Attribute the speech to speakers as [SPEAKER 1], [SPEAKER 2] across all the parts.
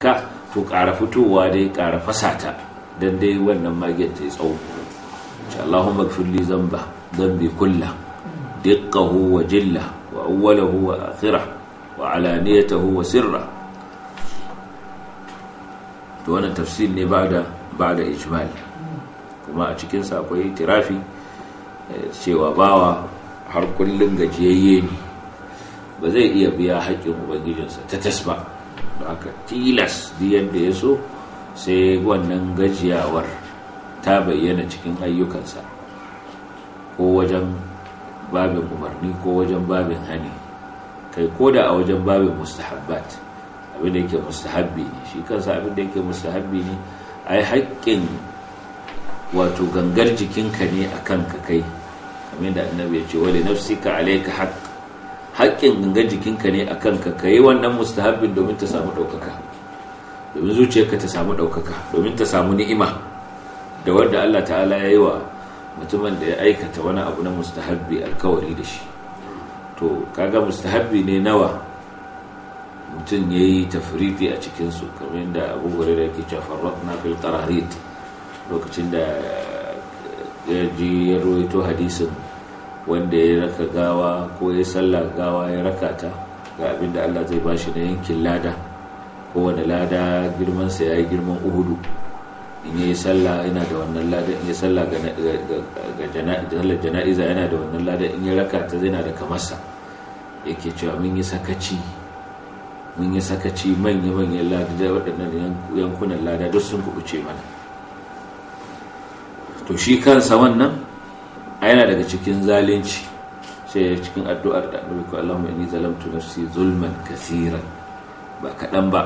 [SPEAKER 1] ka to ƙara fitowa dai ƙara fasata don dai wannan magiyar ta yi tsawo Allahumma gfirli zamba bi kulla dukka wa jilla wa awwalahu wa akhirah wa alaniyatahu wa sirra to wannan tafsir ne ba da ijmal kuma a cikin sa akwai tirafi eh, cewa bawa har kullum gajiyayye ne ba zai iya biya haƙƙin ubangijinsa ta tasba aka tilas yadda ya so sai wannan gajiyawar ta bayyana cikin ayyukansa ko wajen babin umarni ko wajen babin hani kai ko da a wajen babin mustahabbat abin da yake mustahabbi ne shi kansa abin da yake mustahabbi ne ai haƙƙin wato gangar jikinka ne a kanka kai kamar da annabi ya ce wa nafsika alaika haqq haƙƙin gangan jikinka ne a kanka ka yi wannan mustahabbin domin ta samu ɗaukaka domin zuciyarka ta samu ɗaukaka domin ta samu ni'ima da wanda Allah ta'ala ya yi wa mutumin da ya aikata wani abu na mustahabbi alkawari da shi to kaga mustahabbi ne nawa mutum ya yi tafriti a cikinsu kamar yadda abu hurairar yake cewa farratna fil qararit lokacin da ya ji ya rawaito hadisin wanda ya raka gawa ko ya sallah gawa ya raka ta ga abin da Allah zai bashi na yankin lada kowane lada girmansa ya yi girman uhudu in yi sallah yana da wannan lada in yi sallah ga jana'iza yana da wannan lada in ya raka ta zai na da kamarsa yake cewa mun yi sakaci mun yi sakaci manya-manyan lada waɗannan yankunan lada duk sun kuɓuce mana to shi kansa wannan a yana daga cikin zalunci sai cikin addu'ar da annabi ko Allahumma inni zalamtu nafsi zulman kasiran ba kaɗan ba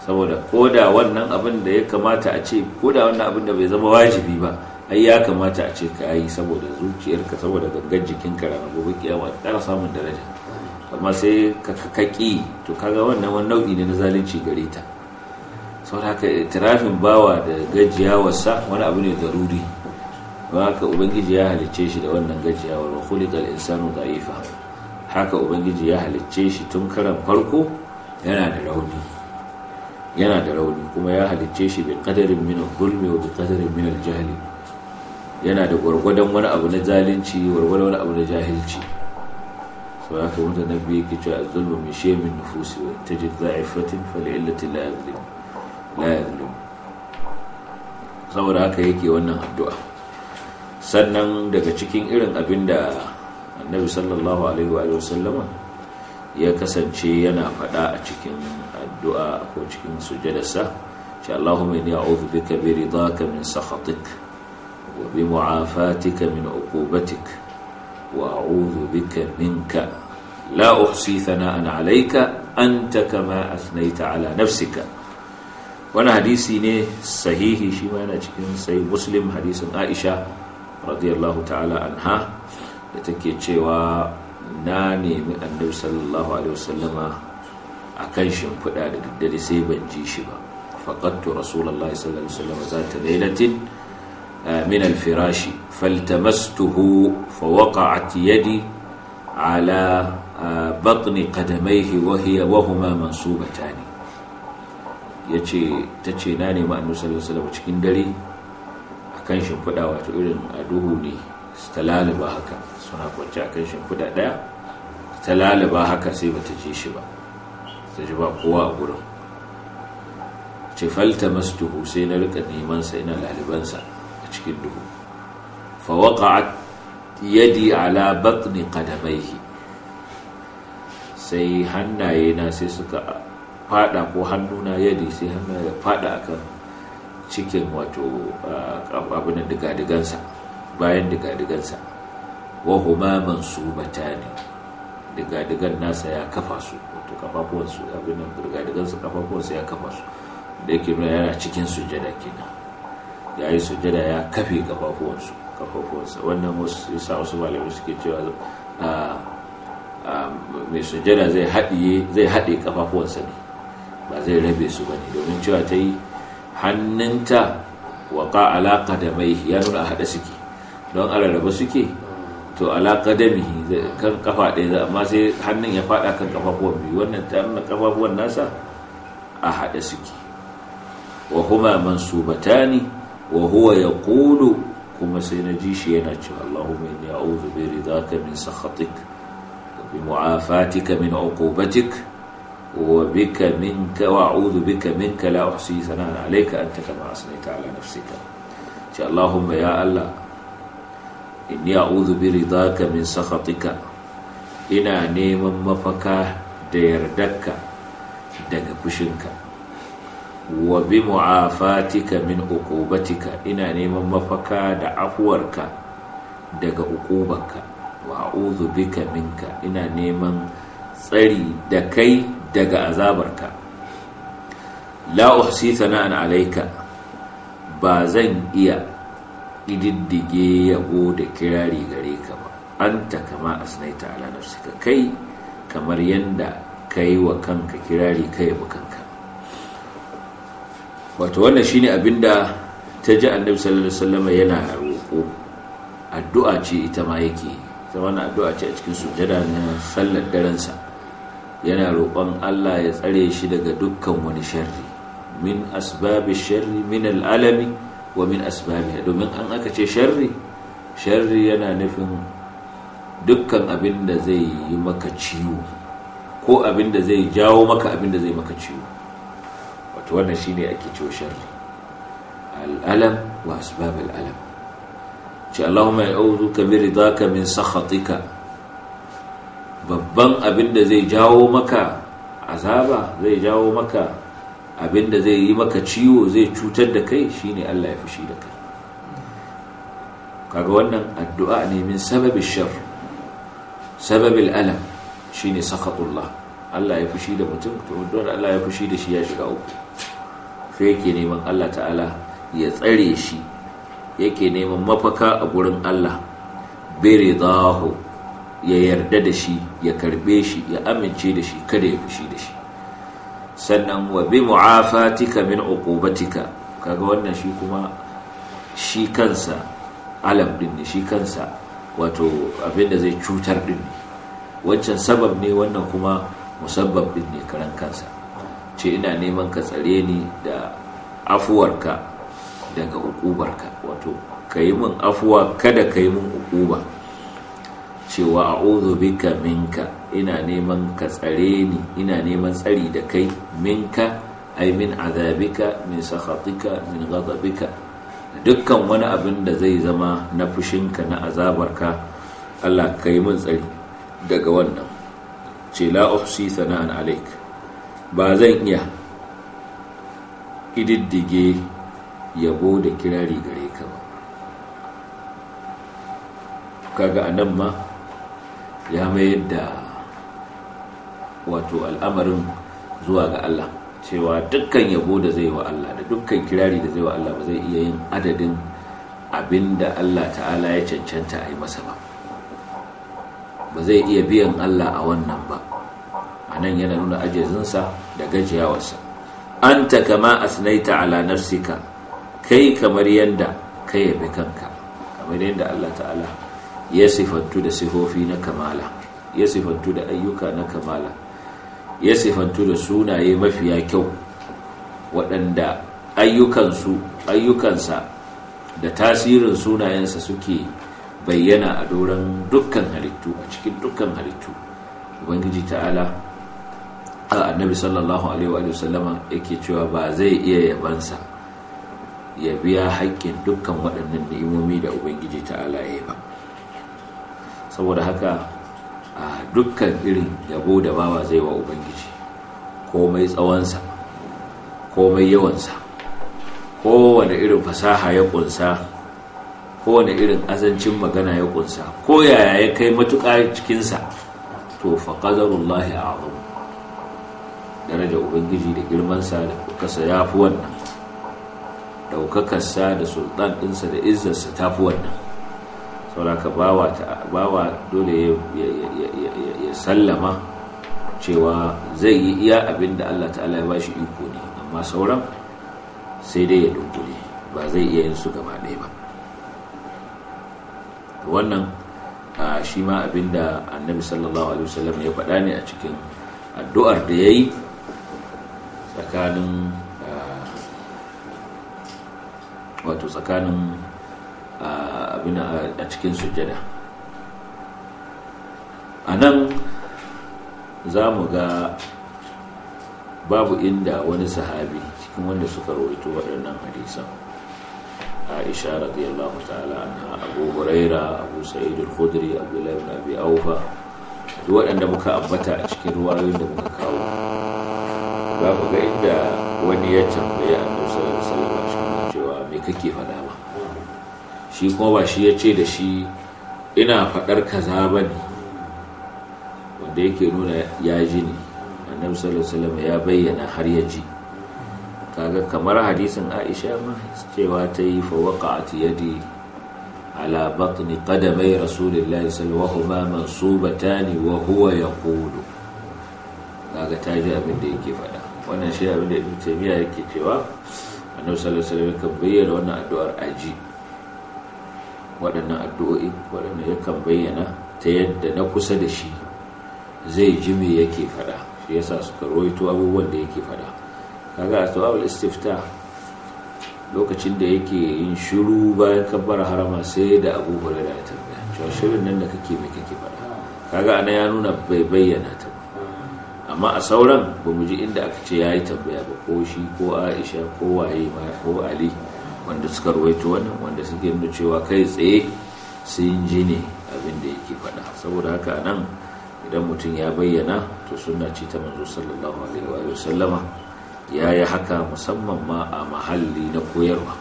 [SPEAKER 1] saboda koda wannan abin da ya kamata a ce koda wannan abin da bai zama wajibi ba ai ya kamata a ce ka yi saboda zuciyarka saboda gangan ka ranar gobe kiyama ta samun daraja amma sai ka kaki to kaga wannan wani nau'i ne na zalunci gare ta saboda haka itirafin bawa da gajiya wasa, wani abu ne zaruri ba haka ubangiji ya halicce shi da wannan gajiyawar wa khuliqal insanu da'ifa haka ubangiji ya halicce shi tun karan farko yana da rauni yana da rauni kuma ya halicce shi bi qadarin min al-zulmi wa bi qadarin min al-jahl yana da gwargwadon wani abu na zalunci gwargwadon wani abu na jahilci so ya kai wanda nabi yake cewa az-zulmu min shay'in nufusi wa tajid da'ifatin fal'illati la yadhlim la yadhlim saboda haka yake wannan addu'a sannan daga cikin irin abin da annabi sallallahu alaihi wa sallama ya kasance yana faɗa a cikin addu'a ko cikin sujadarsa shi Allahumma inni a'udhu bika bi ridaka min sakhatik wa bi mu'afatika min uqubatik wa a'udhu bika minka la uhsi thana'an 'alayka anta kama athnayta 'ala nafsika wani hadisi ne sahihi shi ma yana cikin sai muslim hadisin Aisha radiyallahu ta'ala anha da take cewa na nemi annabi sallallahu alaihi wasallama a kan shimfiɗa da daddare sai ban ji shi ba faƙattu rasulallah sallallahu alaihi wasallama za ta lailatin eh, min alfirashi faltamastuhu fawaqa'at yadi ala eh, batni qadamaihi wa hiya wa huma mansubatani yace tace na nemi annabi sallallahu alaihi wasallama cikin dare kan shimfiɗa wato irin a duhu ne ta laliba haka suna kwanci a kan shimfiɗa ɗaya ta laliba haka sai ba ta ji shi ba ta ji ba kowa a gurin ce falta duhu sai na rika nemansa ina lalibansa a cikin duhu waka yadi ala batni qadamaihi sai hannaye na sai suka fada ko hannuna yadi sai hannaye fada akan cikin wato abin digadigansa bayan digadigansa wahuma mansubata ne digadigan nasa ya kafa su wato kafafuwansu abin digadigansa kafafuwansa ya kafa su da yake nuna yana cikin sujada kenan ya yi sujada ya kafe kafafuwansu kafafuwansa wannan wasu yasa wasu malamai suke cewa mai sujada zai haɗe kafafuwansa ne ba zai rabe su ba ne domin cewa ta yi hannunta waƙa da mai ya nuna haɗa suke don alaraba suke to da qadami kan kafa ɗaya amma sai hannun ya faɗa kan kafafuwan biyu wannan ta nuna kafafuwan nasa a haɗa suke wa huma mansubatani wa huwa yaqulu kuma sai na ji shi yana cewa Allahumma inni a'udhu bi ridaka min sakhatik bi mu'afatika min 'uqubatik وبك منك وأعوذ بك منك لا أحصي ثناء عليك أنت كما أثنيت على نفسك شاء اللهم يا الله إني أعوذ برضاك من سخطك إنا نيم مفكا ديردك daga fushinka wa bi mu'afatika min uqubatika ina neman mafaka da afwarka daga uqubarka wa a'udhu bika minka ina neman tsari da kai daga azabarka la uhsi sana'an alaika. ba zan iya ƙididdige yabo da kirari gare ka ba anta kama asnaita ala ka kai kamar yanda kai wa kanka kirari kai yabo kanka wato wannan shine abinda ta ji annabi sallallahu alaihi wasallam yana roƙo addu'a ce ita ma yake ita na addu'a ce a cikin sujada na sallar daren sa yana roƙon Allah ya tsare shi daga dukkan wani sharri min asbabi sharri min al'alami wa min asbabi domin an aka ce sharri sharri yana nufin dukkan abin da zai yi maka ciwo ko abin da zai jawo maka abin da zai maka ciwo wato wannan ne ake ciwo sharri al'alam wa asbab al'alam ce Allahumma ya'udhu ka bi ridaka min sakhatika babban abin da zai jawo maka azaba zai jawo maka abin da zai yi maka ciwo zai cutar da kai shine Allah ya fushi da kai kaga wannan addu'a ne min sababin shar sababin alam shine sakatullah Allah ya fushi da mutum to don Allah ya fushi da shi ya shiga uku sai yake neman Allah ta'ala ya tsare shi yake neman mafaka a gurin Allah biridahu ya yarda da shi ya karbe shi ya amince da shi kada ya fushi da shi sannan wa bi mu'afatika min uqubatika kaga wannan shi kuma shi kansa alam din ne shi kansa wato abin da zai cutar din ne wancan sabab ne wannan kuma musabbab din ne karan kansa ce ina neman ka tsare ni da afuwarka daga uqubarka wato ka yi afuwa kada kayi mun min uquba cewa a a'udhu bika minka ina neman ka tsare ni ina neman tsari da kai minka ai min azabika min sakhatika min ghadabika dukkan wani abin da zai zama na fushinka na azabarka Allah ka yi min tsari daga wannan ce la uhsi sana'an alaik ba zan iya ididdige yabo da kirari gare ka ba kaga anan ma ya mayar da wato al'amarin zuwa ga Allah cewa dukkan yabo da zai wa Allah da dukkan kirari da zai wa Allah ba zai iya yin adadin abin da Allah ta'ala ya cancanta a yi masa ba ba zai iya biyan Allah a wannan ba a nan yana nuna ajiyarsa da gajiyawarsa an ta kama asnaita ala nafsika kai kamar yadda ka yabi kanka kamar yadda Allah ta'ala ya sifantu da sifofi na kamala ya sifantu da ayyuka na kamala ya sifantu da sunaye mafiya kyau waɗanda ayyukansu ayyukansa da tasirin sunayensa suke bayyana a doron dukkan halittu a cikin dukkan halittu ubangiji ta'ala a annabi sallallahu alaihi wa ya yake cewa ba zai iya yabansa ya biya haƙƙin dukkan waɗannan ni'imomi da ubangiji ta'ala ya yi ba saboda haka a dukkan irin yabo da bawa zai wa ubangiji komai tsawonsa komai yawansa kowane irin fasaha ya kunsa kowane irin azancin magana ya kunsa ko yaya ya kai matuƙa cikinsa to fa qadarullahi a'zam daraja ubangiji da girmansa da kasa yafi wannan daukakarsa da sultan ɗinsa da izzarsa fi wannan sauraka bawa dole ya sallama cewa zai yi iya abin da allah ta'ala ya bashi iko ne amma sauran sai dai ya dunkule ba zai iya yin su gaba ɗaya ba wannan shi ma abin da annabi sallallahu alaihi wasallam ya faɗa ne a cikin addu'ar da ya yi wato tsakanin Ah, abina a cikin sujada a nan za mu ga babu inda wani sahabi cikin wanda suka rawaito waɗannan hadisan aisha radiyallahu ta'ala anha abu huraira abu sa'id al-khudri abdullahi ibn abi aufa duk waɗanda muka ambata a cikin ruwayoyin da muka kawo babu ga inda wani ya tambaya annabi sallallahu alaihi wasallam cewa me kake fada ba shi kuma ba shi ya ce da shi ina faɗar kaza ba ne wanda yake nuna ya ji ne annabi sallallahu alaihi ya bayyana har ya ji kaga kamar hadisin Aisha ma cewa ta yi fa waqa'at yadi ala batni qadamai rasulillahi sallallahu alaihi wasallam mansubatani wa huwa yaqulu kaga ta ji abin da yake faɗa wannan shi abin da Ibn Taymiyyah yake cewa annabi sallallahu alaihi wasallam ya bayyana wannan addu'ar aji waɗannan addu'o'i waɗanda yakan bayyana ta yadda na kusa da shi zai ji me yake faɗa shi yasa suka roito abubuwan da yake faɗa kaga a tawabul istifta lokacin da yake yin shiru bayan kabbar harama sai da abubuwan da ya tambaya cewa shirin nan da kake me kake faɗa kaga ana ya nuna bai bayyana ta amma a sauran ba mu ji inda aka ce ya yi tambaya ba ko shi ko aisha ko waye ko ali wanda suka ruwaito wannan wanda suke nuna cewa kai tsaye sun ji ne abin da yake faɗa saboda haka nan idan mutum ya bayyana to suna ce ta manzo sallallahu alaihi wa sallama ya yi haka musamman ma a mahalli na koyarwa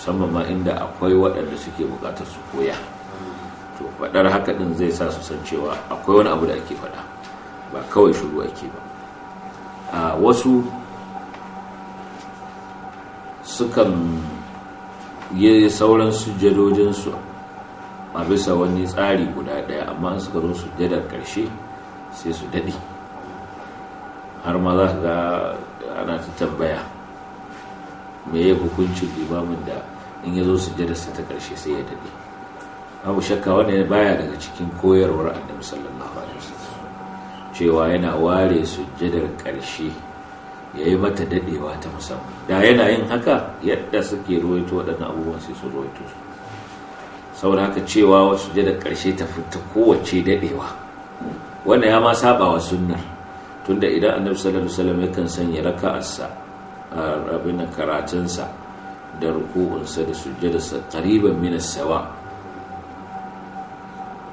[SPEAKER 1] musamman ma inda akwai waɗanda suke buƙatar su koya to faɗar haka ɗin zai sa su san cewa akwai wani abu da ake faɗa ba kawai shuru ake ba a wasu sukan yi sauran sujjadojinsu a bisa wani tsari guda ɗaya amma suka zo sujjadar ƙarshe sai su daɗi. har ma za ga ana ta tambaya me ya hukuncin limamin da in ya zo sa ta ƙarshe sai ya daɗi? abu shakka wanda baya daga cikin koyarwar annabi sallallahu alaihi wasallam cewa yana ware sujjadar ƙarshe ya yi mata daɗewa ta musamman da yana yin haka yadda suke ruwaito waɗannan abubuwan sai su ruwaito su saboda haka cewa wasu da ƙarshe ta fita kowace dadewa wanda ya ma saba wa sunnar tunda idan annabi sallallahu alaihi wasallam yakan sanya raka'arsa rabin karatunsa da ruku'unsa da sujjadarsa qariban min sawa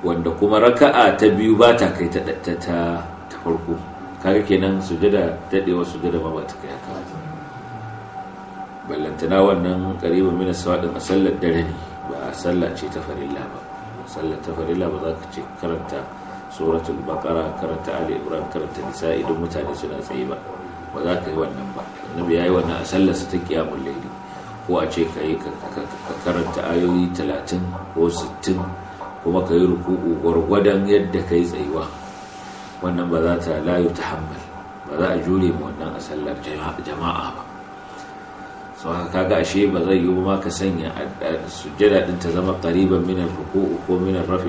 [SPEAKER 1] wanda kuma raka'a ta biyu ba ta kai ta ta farko kaga kenan sujada dadewa sujada ma ba ta kai haka ballantana wannan qariban mina sawadin a sallar dare ne ba a sallar ce ta farilla ba sallar ta farilla ba za ka ce karanta suratul baqara karanta ali ibrahim karanta nisa duk mutane suna tsaye ba ba za ka yi wannan ba annabi yayi wannan a sallar sa ta qiyamul layl ko a ce ka yi ka karanta ayoyi 30 ko 60 kuma ka yi ruku'u gwargwadon yadda ka yi tsayuwa wannan ba za ta layu ta hammal ba za a jure mu wannan a sallar jama'a ba su haka kaga ashe ba zai yiwu ma ka sanya sujjada din ta zama qariban minar ruku'u ko minar rafi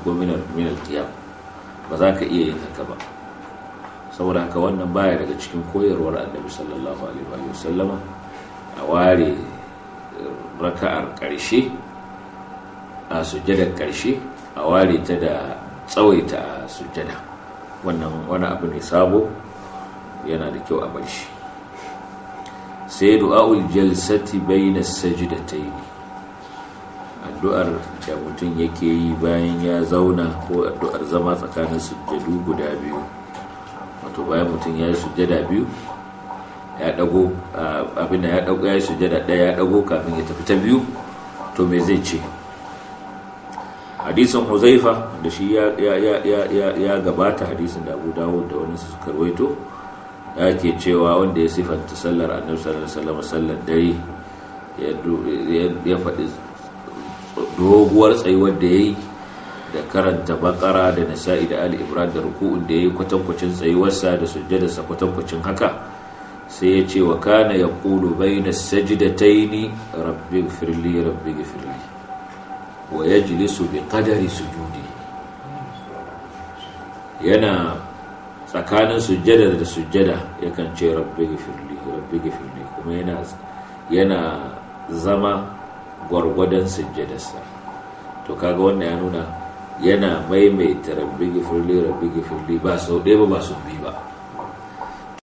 [SPEAKER 1] ko minar qiyam ba za ka iya yin haka ba saboda haka wannan baya daga cikin koyarwar annabi sallallahu alaihi wa sallama a ware eh, raka'ar ƙarshe a sujjadar ƙarshe a ware ta da tsawaita a sujjada wannan wani abu ne sabo yana da kyau a bar shi sai du'a'ul jalsati baina sajdatayn addu'ar da mutum yake yi bayan ya zauna ko addu'ar zama tsakanin sujjadu guda biyu wato bayan mutum ya yi sujjada biyu ya dago abin ya dago ya yi daya ya dago kafin ya tafi ta biyu to me zai ce hadisin huzaifa da shi ya gabata hadisin da abu dawud da wani suka karwaito ya ke cewa wanda ya sifanta sallar annabi sallallahu alaihi sallar dare ya faɗi doguwar tsayuwar da ya yi da karanta bakara da nasa'i da ali ibrahim da ruku'un da ya yi kwatankwacin tsayuwarsa da sujjadarsa kwatankwacin haka sai ya ce wa kana ya ƙulu bai na ni rabbi firli rabbi firli wa yajlisu bi su judi yana tsakanin sujjada da sujjada yakan ce rabbi gifirli rabbi gifirli kuma yana yana zama gwargwadon sujjadarsa to kaga wannan ya nuna yana maimaita rabbi gifirli rabbi gifirli ba sau ɗaya ba ba sau biyu ba